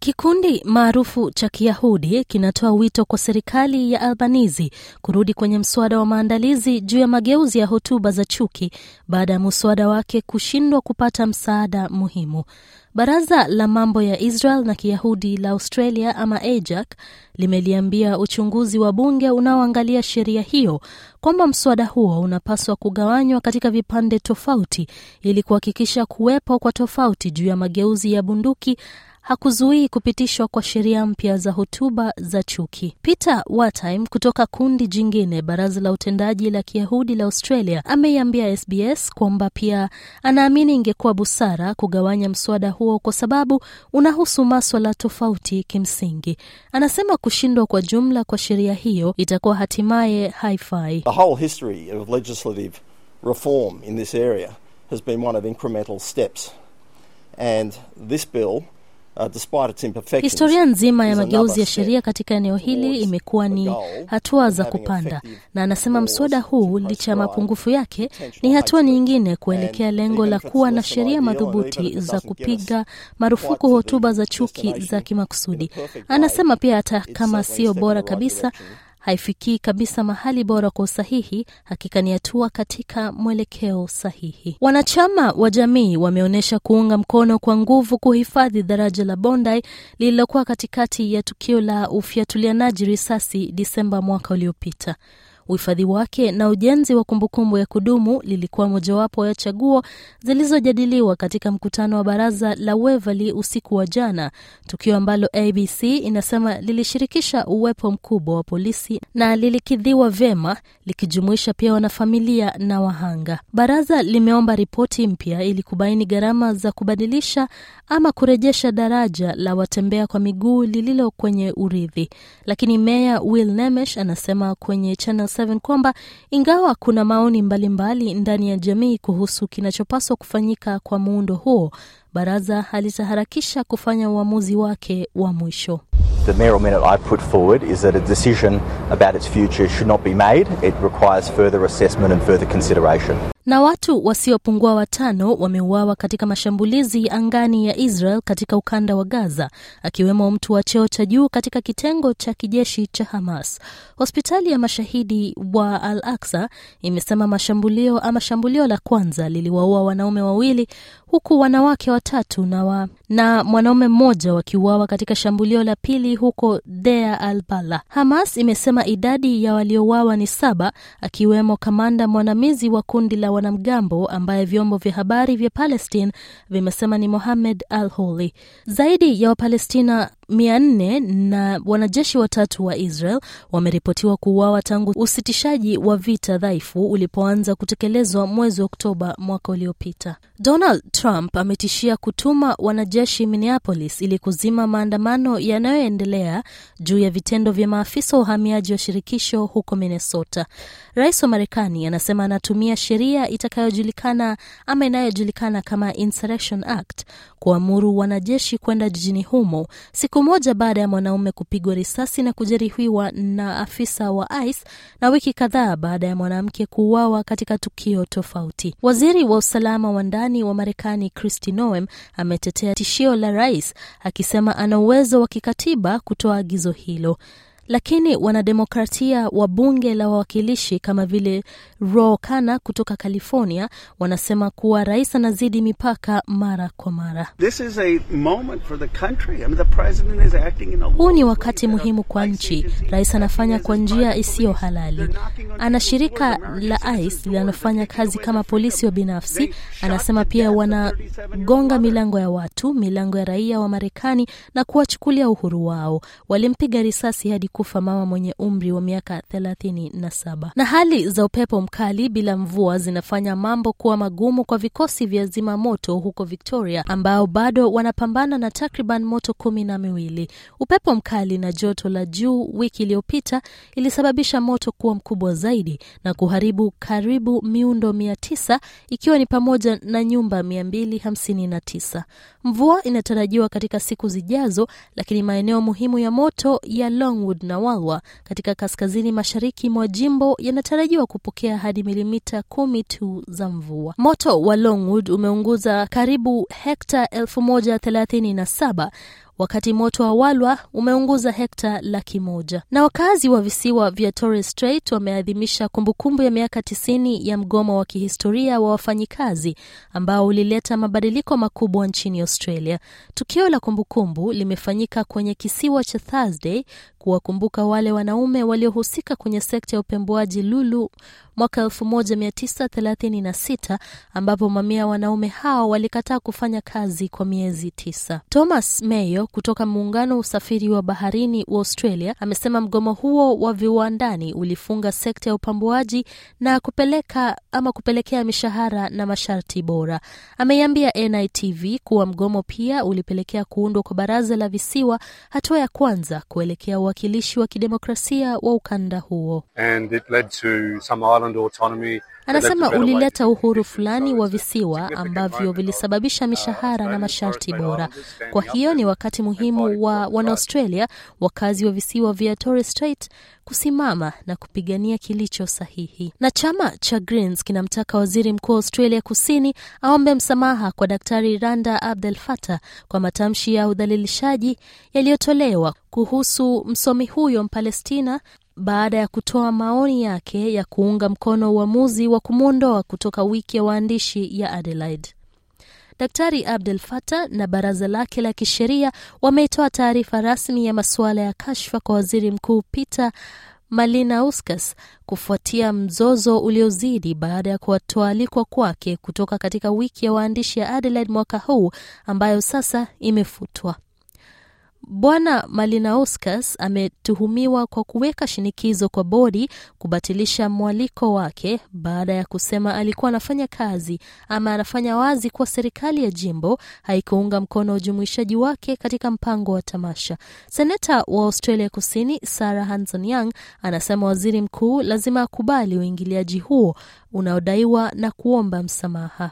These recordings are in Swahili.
Kikundi maarufu cha Kiyahudi kinatoa wito kwa serikali ya Albanizi kurudi kwenye mswada wa maandalizi juu ya mageuzi ya hotuba za chuki baada ya mswada wake kushindwa kupata msaada muhimu. Baraza la mambo ya Israel na Kiyahudi la Australia ama AJAC limeliambia uchunguzi wa bunge unaoangalia sheria hiyo kwamba mswada huo unapaswa kugawanywa katika vipande tofauti ili kuhakikisha kuwepo kwa tofauti juu ya mageuzi ya bunduki hakuzuii kupitishwa kwa sheria mpya za hotuba za chuki. Peter Wartime kutoka kundi jingine, baraza la utendaji la Kiyahudi la Australia, ameiambia SBS kwamba pia anaamini ingekuwa busara kugawanya mswada huo kwa sababu unahusu maswala tofauti kimsingi. Anasema kushindwa kwa jumla kwa sheria hiyo itakuwa hatimaye haifai. The whole history of legislative reform in this area has been one of incremental steps and this bill Uh, Historia nzima ya mageuzi ya sheria katika eneo hili imekuwa ni hatua za kupanda, na anasema mswada huu, licha ya mapungufu yake, ni hatua nyingine kuelekea lengo la kuwa na sheria madhubuti za kupiga marufuku hotuba za chuki za kimakusudi. Anasema pia hata kama sio bora kabisa haifikii kabisa mahali bora kwa usahihi, hakika ni hatua katika mwelekeo sahihi. Wanachama wa jamii wameonyesha kuunga mkono kwa nguvu kuhifadhi daraja la Bondi lililokuwa katikati ya tukio la ufyatulianaji risasi Disemba mwaka uliopita uhifadhi wake na ujenzi wa kumbukumbu ya kudumu lilikuwa mojawapo ya chaguo zilizojadiliwa katika mkutano wa baraza la wevali usiku wa jana, tukio ambalo ABC inasema lilishirikisha uwepo mkubwa wa polisi na lilikidhiwa vyema, likijumuisha pia wanafamilia na wahanga. Baraza limeomba ripoti mpya ili kubaini gharama za kubadilisha ama kurejesha daraja la watembea kwa miguu lililo kwenye urithi, lakini meya Will Nemesh anasema kwenye Channel 7 kwamba ingawa kuna maoni mbalimbali mbali ndani ya jamii kuhusu kinachopaswa kufanyika kwa muundo huo, baraza halitaharakisha kufanya uamuzi wake wa mwisho. The mayoral minute I put forward is that a decision about its future should not be made. It requires further assessment and further consideration. Na watu wasiopungua watano wameuawa katika mashambulizi angani ya Israel katika ukanda wa Gaza, akiwemo mtu wa cheo cha juu katika kitengo cha kijeshi cha Hamas. Hospitali ya mashahidi wa Al Aksa imesema mashambulio ama shambulio la kwanza liliwaua wanaume wawili huku wanawake watatu na, wa, na mwanaume mmoja wakiuawa katika shambulio la pili huko Dea al Bala. Hamas imesema idadi ya waliouawa ni saba, akiwemo kamanda mwanamizi wa kundi la wanamgambo ambaye vyombo vya habari vya Palestine vimesema ni Mohamed al holi Zaidi ya Wapalestina mia nne na wanajeshi watatu wa Israel wameripotiwa kuuawa tangu usitishaji wa vita dhaifu ulipoanza kutekelezwa mwezi Oktoba mwaka uliopita. Donald Trump ametishia kutuma wanajeshi Minneapolis ili kuzima maandamano yanayoendelea juu ya vitendo vya maafisa wa uhamiaji wa shirikisho huko Minnesota. Rais wa Marekani anasema anatumia sheria itakayojulikana ama inayojulikana kama Insurrection Act kuamuru wanajeshi kwenda jijini humo siku siku moja baada ya mwanaume kupigwa risasi na kujeruhiwa na afisa wa ICE na wiki kadhaa baada ya mwanamke kuuawa katika tukio tofauti. Waziri wa usalama wa ndani wa Marekani Kristi Noem ametetea tishio la rais akisema ana uwezo wa kikatiba kutoa agizo hilo. Lakini wanademokratia wa bunge la wawakilishi kama vile rokana kutoka California wanasema kuwa rais anazidi mipaka mara kwa mara. Huu ni wakati muhimu kwa nchi. Rais anafanya kwa njia isiyo halali. Ana shirika la ICE linalofanya kazi kama polisi wa binafsi. Anasema pia wanagonga milango ya watu, milango ya raia wa Marekani na kuwachukulia uhuru wao. Walimpiga risasi hadi amekufa mama mwenye umri wa miaka thelathini na saba. Na hali za upepo mkali bila mvua zinafanya mambo kuwa magumu kwa vikosi vya zimamoto huko Victoria, ambao bado wanapambana na takriban moto kumi na miwili. Upepo mkali na joto la juu wiki iliyopita ilisababisha moto kuwa mkubwa zaidi na kuharibu karibu miundo mia tisa ikiwa ni pamoja na nyumba mia mbili hamsini na tisa. Mvua inatarajiwa katika siku zijazo, lakini maeneo muhimu ya moto ya Longwood na Walwa katika kaskazini mashariki mwa jimbo yanatarajiwa kupokea hadi milimita kumi tu za mvua. Moto wa Longwood umeunguza karibu hekta elfu moja thelathini na saba wakati moto wa Walwa umeunguza hekta laki moja. Na wakazi wa visiwa vya Torres Strait wameadhimisha kumbukumbu ya miaka tisini ya mgomo wa kihistoria wa wafanyikazi ambao ulileta mabadiliko makubwa nchini Australia. Tukio la kumbukumbu limefanyika kwenye kisiwa cha Thursday kuwakumbuka wale wanaume waliohusika kwenye sekta ya upembuaji lulu mwaka 1936 ambapo mamia wanaume hao walikataa kufanya kazi kwa miezi tisa. Thomas Mayo kutoka muungano wa usafiri wa baharini wa Australia amesema mgomo huo wa viwandani ulifunga sekta ya upambuaji na kupeleka ama kupelekea mishahara na masharti bora. Ameiambia NITV kuwa mgomo pia ulipelekea kuundwa kwa baraza la visiwa, hatua ya kwanza kuelekea uwakilishi wa kidemokrasia wa ukanda huo And it led to some Anasema ulileta uhuru fulani wa visiwa ambavyo vilisababisha uh, mishahara na masharti bora. Kwa hiyo ni wakati muhimu wa Wanaustralia, wakazi wa visiwa vya Torres Strait kusimama na kupigania kilicho sahihi. Na chama cha Greens kinamtaka waziri mkuu wa Australia Kusini aombe msamaha kwa Daktari Randa Abdel Fattah kwa matamshi ya udhalilishaji yaliyotolewa kuhusu msomi huyo Mpalestina baada ya kutoa maoni yake ya kuunga mkono uamuzi wa kumwondoa kutoka wiki ya waandishi ya Adelaide. Daktari Abdel Fattah na baraza lake la kisheria wameitoa taarifa rasmi ya masuala ya kashfa kwa Waziri Mkuu Peter Malinauskas kufuatia mzozo uliozidi baada ya kutoalikwa kwake kutoka katika wiki ya waandishi ya Adelaide mwaka huu ambayo sasa imefutwa. Bwana Malinauskas ametuhumiwa kwa kuweka shinikizo kwa bodi kubatilisha mwaliko wake baada ya kusema alikuwa anafanya kazi ama anafanya wazi kuwa serikali ya jimbo haikuunga mkono ujumuishaji wake katika mpango wa tamasha. Seneta wa Australia Kusini Sarah Hanson-Young anasema waziri mkuu lazima akubali uingiliaji huo unaodaiwa na kuomba msamaha.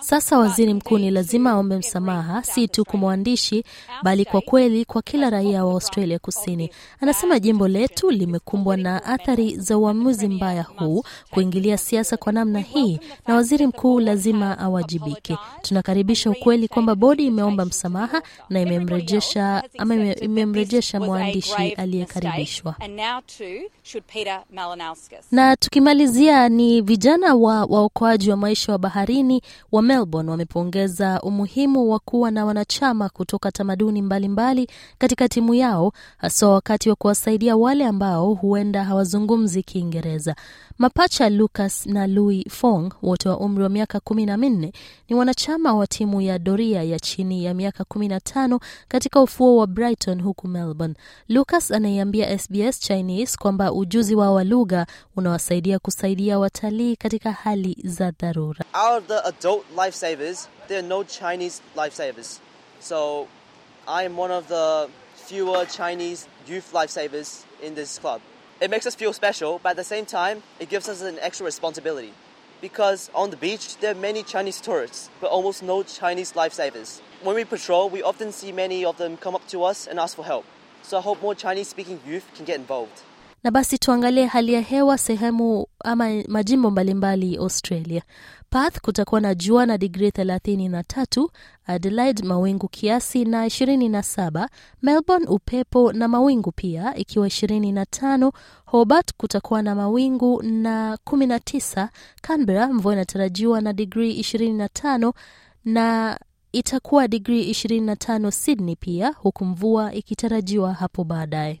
Sasa waziri mkuu ni lazima aombe msamaha, si tu kwa mwandishi, bali kwa kweli kwa kila raia wa Australia Kusini. Anasema jimbo letu limekumbwa na athari za uamuzi mbaya huu, kuingilia siasa kwa namna hii, na waziri mkuu lazima awajibike. Tunakaribisha ukweli kwamba bodi imeomba msamaha na imemrejesha ama imemrejesha mwandishi aliyekaribishwa. Na kumalizia ni vijana wa waokoaji wa maisha wa baharini wa Melbourne wamepongeza umuhimu wa kuwa na wanachama kutoka tamaduni mbalimbali mbali katika timu yao haswa wakati wa kuwasaidia wale ambao huenda hawazungumzi Kiingereza. Mapacha Lucas na Louis Fong wote wa umri wa miaka kumi na minne ni wanachama wa timu ya doria ya chini ya miaka kumi na tano katika ufuo wa Brighton huku Melbourne. Lucas anaiambia SBS Chinese kwamba ujuzi wao wa lugha unawasaidia kusaidia watalii katika hali za dharura. the adult lifesavers, there are no Chinese lifesavers. So I am one of the fewer Chinese youth lifesavers in this club. It makes us feel special, but at the same time, it gives us an extra responsibility. Because on the beach, there are many Chinese tourists, but almost no Chinese lifesavers. When we patrol, we often see many of them come up to us and ask for help. So I hope more Chinese speaking youth can get involved. Na basi tuangalie hali ya hewa sehemu ama majimbo mbalimbali Australia. path kutakuwa na jua na digrii 33. Adelaide mawingu kiasi na 27. Melbourne upepo na mawingu pia ikiwa 25. Hobart kutakuwa na mawingu na 19. canbera mvua inatarajiwa na digrii 25 na itakuwa digrii 25 Sydney pia huku mvua ikitarajiwa hapo baadaye